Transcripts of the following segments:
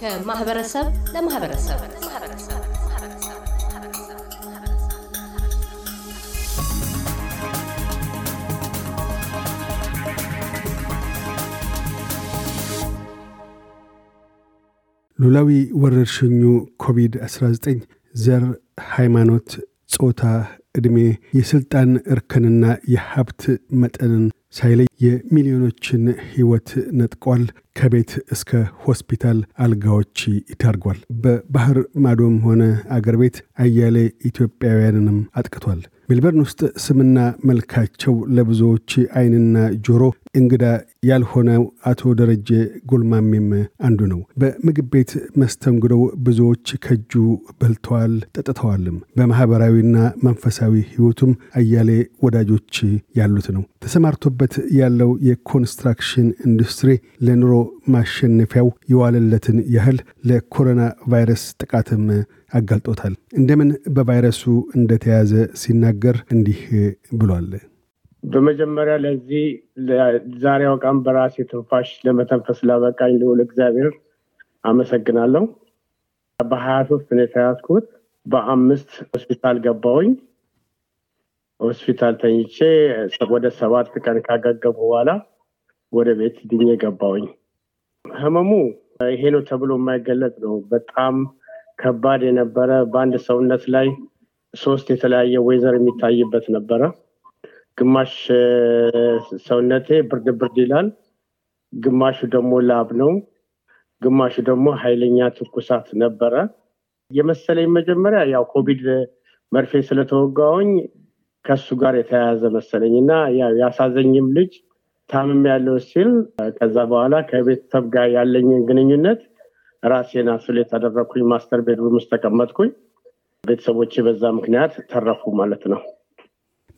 ከማህበረሰብ ለማህበረሰብ ሉላዊ ወረርሽኙ ኮቪድ-19 ዘር፣ ሃይማኖት፣ ጾታ፣ ዕድሜ፣ የሥልጣን እርከንና የሀብት መጠንን ሳይለይ የሚሊዮኖችን ሕይወት ነጥቋል። ከቤት እስከ ሆስፒታል አልጋዎች ይዳርጓል። በባህር ማዶም ሆነ አገር ቤት አያሌ ኢትዮጵያውያንንም አጥቅቷል። ሜልበርን ውስጥ ስምና መልካቸው ለብዙዎች አይንና ጆሮ እንግዳ ያልሆነው አቶ ደረጀ ጎልማሜም አንዱ ነው። በምግብ ቤት መስተንግዶው ብዙዎች ከእጁ በልተዋል፣ ጠጥተዋልም። በማኅበራዊና መንፈሳዊ ሕይወቱም አያሌ ወዳጆች ያሉት ነው። ተሰማርቶበት ያለው የኮንስትራክሽን ኢንዱስትሪ ለኑሮ ማሸነፊያው የዋለለትን ያህል ለኮሮና ቫይረስ ጥቃትም አጋልጦታል። እንደምን በቫይረሱ እንደተያዘ ሲናገር እንዲህ ብሏል። በመጀመሪያ ለዚህ ዛሬው ቀን በራሴ ትንፋሽ ለመተንፈስ ላበቃኝ ልዑል እግዚአብሔር አመሰግናለሁ። በሀያ ሶስት ነው የተያዝኩት። በአምስት ሆስፒታል ገባውኝ ሆስፒታል ተኝቼ ወደ ሰባት ቀን ካገገቡ በኋላ ወደ ቤት ድኜ ገባውኝ። ህመሙ ይሄ ነው ተብሎ የማይገለጽ ነው። በጣም ከባድ የነበረ በአንድ ሰውነት ላይ ሶስት የተለያየ ወይዘር የሚታይበት ነበረ። ግማሽ ሰውነቴ ብርድ ብርድ ይላል፣ ግማሹ ደግሞ ላብ ነው፣ ግማሹ ደግሞ ኃይለኛ ትኩሳት ነበረ። የመሰለኝ መጀመሪያ ያው ኮቪድ መርፌ ስለተወጋውኝ ከሱ ጋር የተያያዘ መሰለኝ እና ያሳዘኝም ልጅ ታምም ያለው ሲል ከዛ በኋላ ከቤተሰብ ጋር ያለኝን ግንኙነት ራሴን አሱሌት አደረግኩኝ። ማስተር ቤድሩም ውስጥ ተቀመጥኩኝ። ቤተሰቦቼ በዛ ምክንያት ተረፉ ማለት ነው።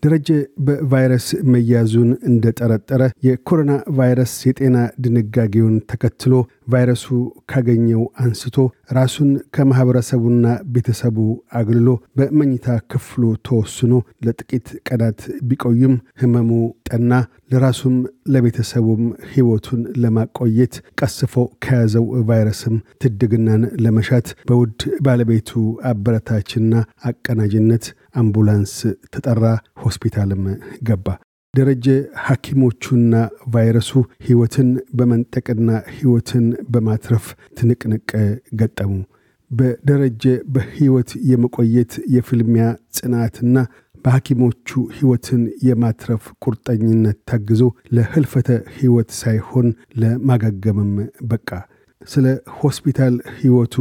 ደረጀ በቫይረስ መያዙን እንደጠረጠረ የኮሮና ቫይረስ የጤና ድንጋጌውን ተከትሎ ቫይረሱ ካገኘው አንስቶ ራሱን ከማኅበረሰቡና ቤተሰቡ አግልሎ በመኝታ ክፍሉ ተወስኖ ለጥቂት ቀናት ቢቆይም ህመሙ ጠና። ለራሱም ለቤተሰቡም ሕይወቱን ለማቆየት ቀስፎ ከያዘው ቫይረስም ትድግናን ለመሻት በውድ ባለቤቱ አበረታችና አቀናጅነት አምቡላንስ ተጠራ፣ ሆስፒታልም ገባ። ደረጀ ሐኪሞቹና ቫይረሱ ሕይወትን በመንጠቅና ሕይወትን በማትረፍ ትንቅንቅ ገጠሙ። በደረጀ በሕይወት የመቆየት የፍልሚያ ጽናትና በሐኪሞቹ ሕይወትን የማትረፍ ቁርጠኝነት ታግዞ ለህልፈተ ሕይወት ሳይሆን ለማገገምም በቃ። ስለ ሆስፒታል ሕይወቱ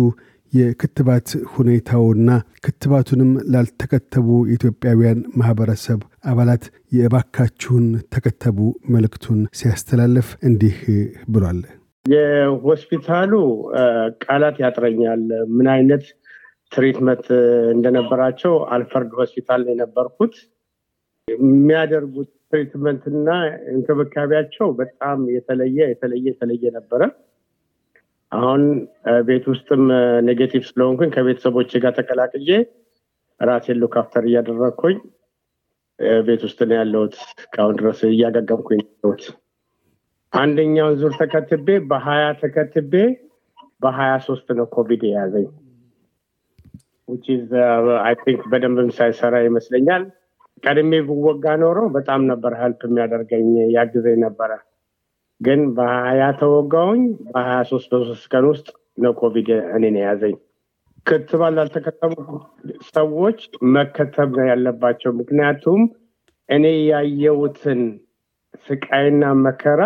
የክትባት ሁኔታውና ክትባቱንም ላልተከተቡ የኢትዮጵያውያን ማህበረሰብ አባላት የእባካችሁን ተከተቡ መልእክቱን ሲያስተላልፍ እንዲህ ብሏል። የሆስፒታሉ ቃላት ያጥረኛል። ምን አይነት ትሪትመንት እንደነበራቸው አልፈርድ ሆስፒታል የነበርኩት የሚያደርጉት ትሪትመንትና እንክብካቤያቸው በጣም የተለየ የተለየ የተለየ ነበረ። አሁን ቤት ውስጥም ኔጌቲቭ ስለሆንኩኝ ከቤተሰቦች ጋር ተቀላቅዬ ራሴን ሉክ አፍተር እያደረግኩኝ ቤት ውስጥ ነው ያለሁት። እስካሁን ድረስ እያገገምኩኝ ያለሁት። አንደኛውን ዙር ተከትቤ በሀያ ተከትቤ በሀያ ሶስት ነው ኮቪድ የያዘኝ ቲንክ በደንብም ሳይሰራ ይመስለኛል። ቀድሜ ብወጋ ኖሮ በጣም ነበር ሀልፕ የሚያደርገኝ ያግዘኝ ነበረ። ግን በሀያ ተወጋውኝ በሀያ ሶስት በሶስት ቀን ውስጥ ነው ኮቪድ እኔን የያዘኝ። ክትባት ላልተከተሙ ሰዎች መከተብ ነው ያለባቸው። ምክንያቱም እኔ ያየውትን ስቃይና መከራ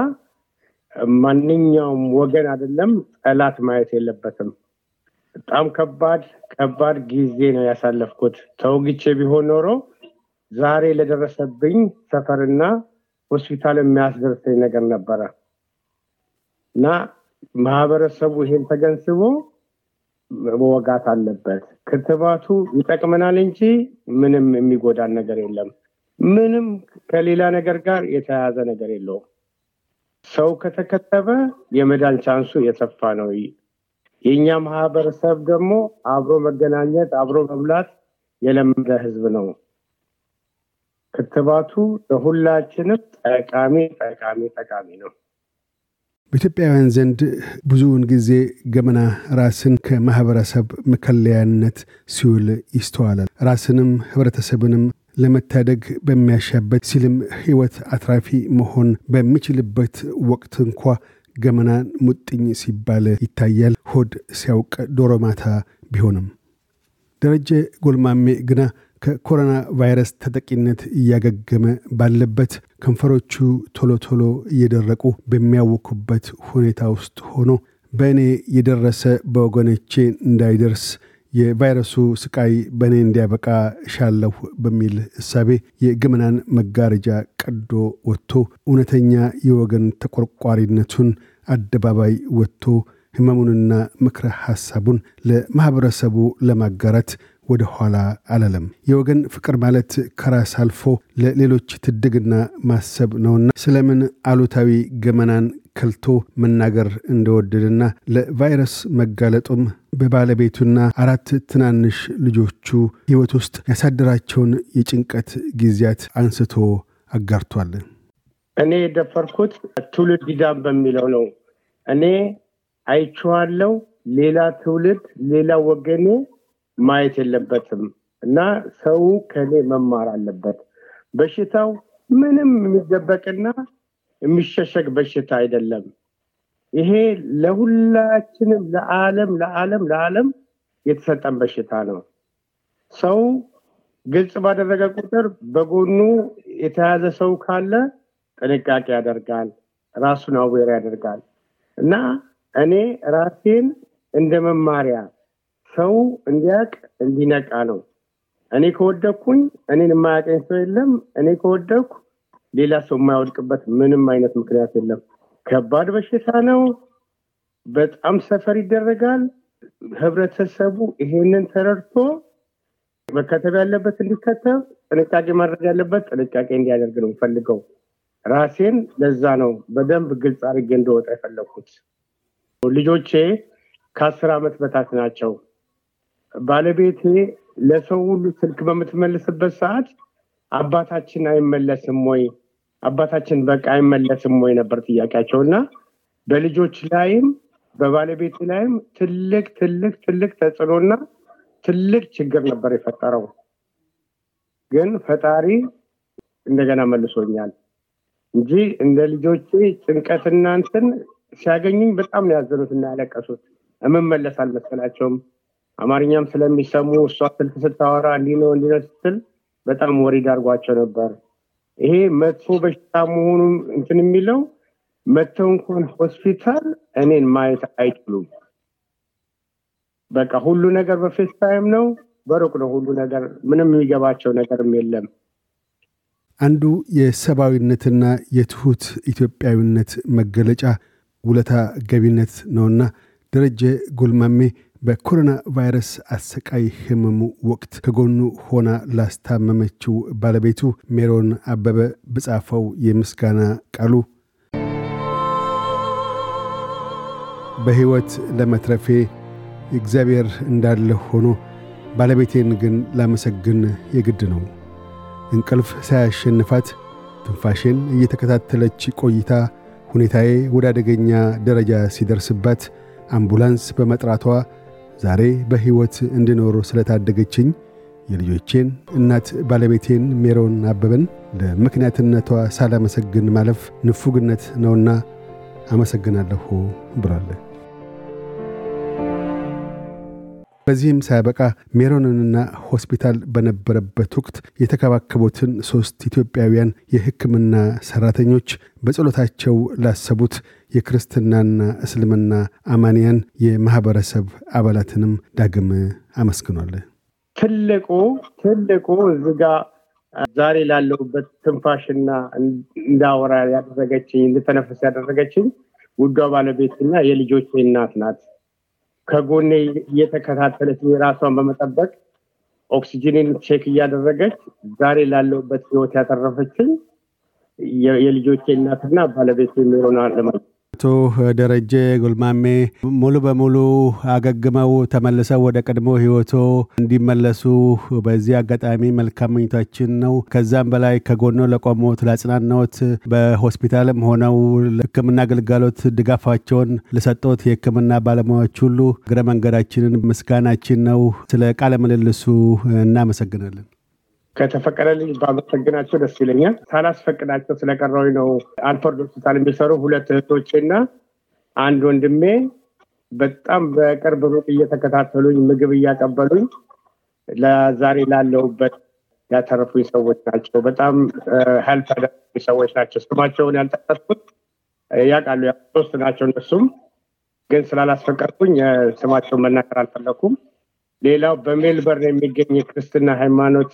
ማንኛውም ወገን አይደለም ጠላት ማየት የለበትም። በጣም ከባድ ከባድ ጊዜ ነው ያሳለፍኩት። ተውግቼ ቢሆን ኖሮ ዛሬ ለደረሰብኝ ሰፈርና ሆስፒታል የሚያስደርሰኝ ነገር ነበረ። እና ማህበረሰቡ ይሄን ተገንዝቦ መወጋት አለበት። ክትባቱ ይጠቅመናል እንጂ ምንም የሚጎዳን ነገር የለም። ምንም ከሌላ ነገር ጋር የተያያዘ ነገር የለውም። ሰው ከተከተበ የመዳን ቻንሱ የሰፋ ነው። የእኛ ማህበረሰብ ደግሞ አብሮ መገናኘት፣ አብሮ መብላት የለመደ ህዝብ ነው። ክትባቱ ለሁላችንም ጠቃሚ ጠቃሚ ጠቃሚ ነው። በኢትዮጵያውያን ዘንድ ብዙውን ጊዜ ገመና ራስን ከማህበረሰብ መከለያነት ሲውል ይስተዋላል። ራስንም ህብረተሰብንም ለመታደግ በሚያሻበት ሲልም ህይወት አትራፊ መሆን በሚችልበት ወቅት እንኳ ገመናን ሙጥኝ ሲባል ይታያል። ሆድ ሲያውቅ ዶሮ ማታ ቢሆንም ደረጀ ጎልማሜ ግና ከኮሮና ቫይረስ ተጠቂነት እያገገመ ባለበት ከንፈሮቹ ቶሎ ቶሎ እየደረቁ በሚያወኩበት ሁኔታ ውስጥ ሆኖ በእኔ የደረሰ በወገኖቼ እንዳይደርስ የቫይረሱ ስቃይ በእኔ እንዲያበቃ እሻለሁ በሚል እሳቤ የገመናን መጋረጃ ቀዶ ወጥቶ እውነተኛ የወገን ተቆርቋሪነቱን አደባባይ ወጥቶ ህመሙንና ምክረ ሐሳቡን ለማኅበረሰቡ ለማጋራት ወደ ኋላ አላለም። የወገን ፍቅር ማለት ከራስ አልፎ ለሌሎች ትድግና ማሰብ ነውና ስለምን አሉታዊ ገመናን ከልቶ መናገር እንደወደደና ለቫይረስ መጋለጡም በባለቤቱና አራት ትናንሽ ልጆቹ ሕይወት ውስጥ ያሳደራቸውን የጭንቀት ጊዜያት አንስቶ አጋርቷል። እኔ የደፈርኩት ትውልድ ይዳን በሚለው ነው። እኔ አይችዋለው ሌላ ትውልድ ሌላ ወገኔ ማየት የለበትም እና ሰው ከኔ መማር አለበት። በሽታው ምንም የሚደበቅና የሚሸሸግ በሽታ አይደለም። ይሄ ለሁላችንም ለዓለም ለዓለም ለዓለም የተሰጠን በሽታ ነው። ሰው ግልጽ ባደረገ ቁጥር በጎኑ የተያዘ ሰው ካለ ጥንቃቄ ያደርጋል፣ ራሱን አዌር ያደርጋል እና እኔ ራሴን እንደ መማሪያ ሰው እንዲያቅ እንዲነቃ ነው። እኔ ከወደኩኝ እኔን የማያቀኝ ሰው የለም። እኔ ከወደኩ ሌላ ሰው የማያወድቅበት ምንም አይነት ምክንያት የለም። ከባድ በሽታ ነው። በጣም ሰፈር ይደረጋል። ህብረተሰቡ ይሄንን ተረድቶ መከተብ ያለበት እንዲከተብ፣ ጥንቃቄ ማድረግ ያለበት ጥንቃቄ እንዲያደርግ ነው ፈልገው ራሴን ለዛ ነው በደንብ ግልጽ አድርጌ እንደወጣ የፈለግኩት። ልጆቼ ከአስር ዓመት በታች ናቸው። ባለቤቴ ለሰው ሁሉ ስልክ በምትመልስበት ሰዓት አባታችን አይመለስም ወይ አባታችን በቃ አይመለስም ወይ ነበር ጥያቄያቸው እና በልጆች ላይም በባለቤት ላይም ትልቅ ትልቅ ትልቅ ተጽዕኖና ትልቅ ችግር ነበር የፈጠረው። ግን ፈጣሪ እንደገና መልሶኛል እንጂ እንደ ልጆቼ ጭንቀትና ሲያገኙኝ በጣም ነው ያዘኑት እና ያለቀሱት። የምመለስ አልመሰላቸውም። አማርኛም ስለሚሰሙ እሷ ስልክ ስታወራ እንዲህ ነው እንዲህ ነው ስትል በጣም ወሪድ አርጓቸው ነበር። ይሄ መጥፎ በሽታ መሆኑ እንትን የሚለው መጥተው እንኳን ሆስፒታል እኔን ማየት አይችሉም። በቃ ሁሉ ነገር በፌስ ታይም ነው፣ በሩቅ ነው ሁሉ ነገር። ምንም የሚገባቸው ነገርም የለም። አንዱ የሰብአዊነትና የትሑት ኢትዮጵያዊነት መገለጫ ውለታ ገቢነት ነውና ደረጀ ጎልማሜ በኮሮና ቫይረስ አሰቃይ ህመሙ ወቅት ከጎኑ ሆና ላስታመመችው ባለቤቱ ሜሮን አበበ በጻፈው የምስጋና ቃሉ በሕይወት ለመትረፌ እግዚአብሔር እንዳለ ሆኖ ባለቤቴን ግን ላመሰግን የግድ ነው። እንቅልፍ ሳያሸንፋት ትንፋሽን እየተከታተለች ቆይታ ሁኔታዬ ወደ አደገኛ ደረጃ ሲደርስባት አምቡላንስ በመጥራቷ ዛሬ በሕይወት እንድኖር ስለታደገችኝ የልጆቼን እናት ባለቤቴን ሜሮን አበበን ለምክንያትነቷ ሳላመሰግን ማለፍ ንፉግነት ነውና አመሰግናለሁ ብሏለን። በዚህም ሳያበቃ ሜሮንንና ሆስፒታል በነበረበት ወቅት የተከባከቡትን ሶስት ኢትዮጵያውያን የሕክምና ሰራተኞች በጸሎታቸው ላሰቡት የክርስትናና እስልምና አማንያን የማህበረሰብ አባላትንም ዳግም አመስግኗል። ትልቁ ትልቁ እዚህ ዛሬ ላለሁበት ትንፋሽና እንዳወራ ያደረገችኝ እንድተነፍስ ያደረገችኝ ውዷ ባለቤትና የልጆች እናት ናት። ከጎኔ እየተከታተለች ራሷን በመጠበቅ ኦክሲጂንን ቼክ እያደረገች ዛሬ ላለውበት ህይወት ያተረፈችኝ የልጆቼ እናትና ባለቤት የሚሆነ ለማለት አቶ ደረጀ ጉልማሜ ሙሉ በሙሉ አገግመው ተመልሰው ወደ ቀድሞ ህይወቶ እንዲመለሱ በዚህ አጋጣሚ መልካም ምኞታችን ነው። ከዛም በላይ ከጎኖ ለቆሞት ላጽናናዎት፣ በሆስፒታልም ሆነው ሕክምና አገልጋሎት ድጋፋቸውን ልሰጦት የሕክምና ባለሙያዎች ሁሉ እግረ መንገዳችንን ምስጋናችን ነው። ስለ ቃለ ምልልሱ እናመሰግናለን። ከተፈቀደልኝ ባመሰግናቸው ደስ ይለኛል። ሳላስፈቅዳቸው ስለቀረው ነው። አልፈርድ ሆስፒታል የሚሰሩ ሁለት እህቶች እና አንድ ወንድሜ በጣም በቅርብ ሩቅ እየተከታተሉኝ ምግብ እያቀበሉኝ ለዛሬ ላለሁበት ያተረፉኝ ሰዎች ናቸው። በጣም ሀልፍ ያደረጉኝ ሰዎች ናቸው። ስማቸውን ያልጠቀስኩት ያውቃሉ፣ ሶስት ናቸው። እነሱም ግን ስላላስፈቀድኩኝ ስማቸውን መናገር አልፈለኩም። ሌላው በሜልበርን የሚገኝ የክርስትና ሃይማኖት